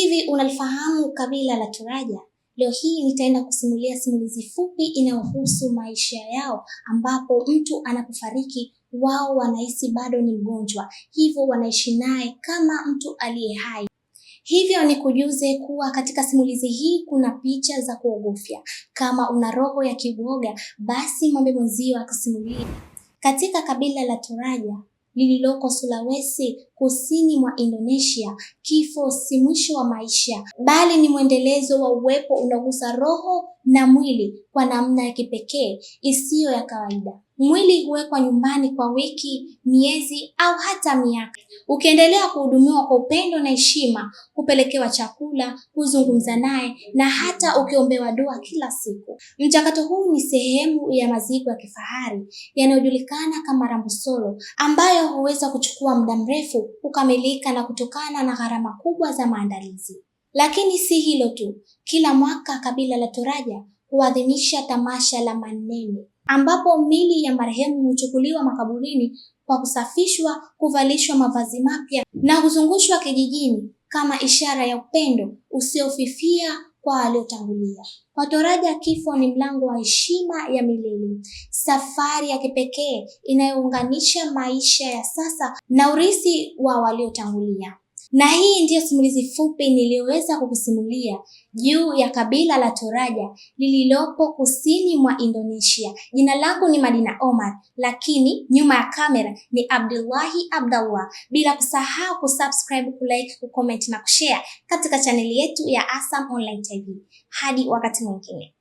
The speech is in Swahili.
hivi unalifahamu kabila la Turaja? Leo hii nitaenda kusimulia simulizi fupi inayohusu maisha yao, ambapo mtu anapofariki wao wanahisi bado ni mgonjwa, hivyo wanaishi naye kama mtu aliye hai. Hivyo ni kujuze kuwa katika simulizi hii kuna picha za kuogofya. Kama una roho ya kiboga, basi mwambe mwenzio akusimulie. Katika kabila la Turaja lililoko Sulawesi kusini mwa Indonesia. Kifo si mwisho wa maisha, bali ni mwendelezo wa uwepo unaogusa roho na mwili kwa namna ya kipekee isiyo ya kawaida. Mwili huwekwa nyumbani kwa wiki, miezi au hata miaka. Ukiendelea kuhudumiwa kwa upendo na heshima, kupelekewa chakula, kuzungumza naye na hata ukiombewa dua kila siku. Mchakato huu ni sehemu ya maziko ya kifahari yanayojulikana kama Rambusolo, ambayo huweza kuchukua muda mrefu kukamilika na kutokana na gharama kubwa za maandalizi. Lakini si hilo tu, kila mwaka kabila la Toraja huadhimisha tamasha la Manene ambapo mili ya marehemu huchukuliwa makaburini kwa kusafishwa, kuvalishwa mavazi mapya na kuzungushwa kijijini kama ishara ya upendo usiofifia kwa waliotangulia. Kwa Toraja, kifo ni mlango wa heshima ya milele, safari ya kipekee inayounganisha maisha ya sasa na urithi wa waliotangulia. Na hii ndiyo simulizi fupi niliyoweza kukusimulia juu ya kabila la Toraja lililopo kusini mwa Indonesia. Jina langu ni Madina Omar, lakini nyuma ya kamera ni Abdullahi Abdallah. Bila kusahau kusubscribe, kulike, kucomment na kushare katika chaneli yetu ya ASAM Online TV. Hadi wakati mwingine.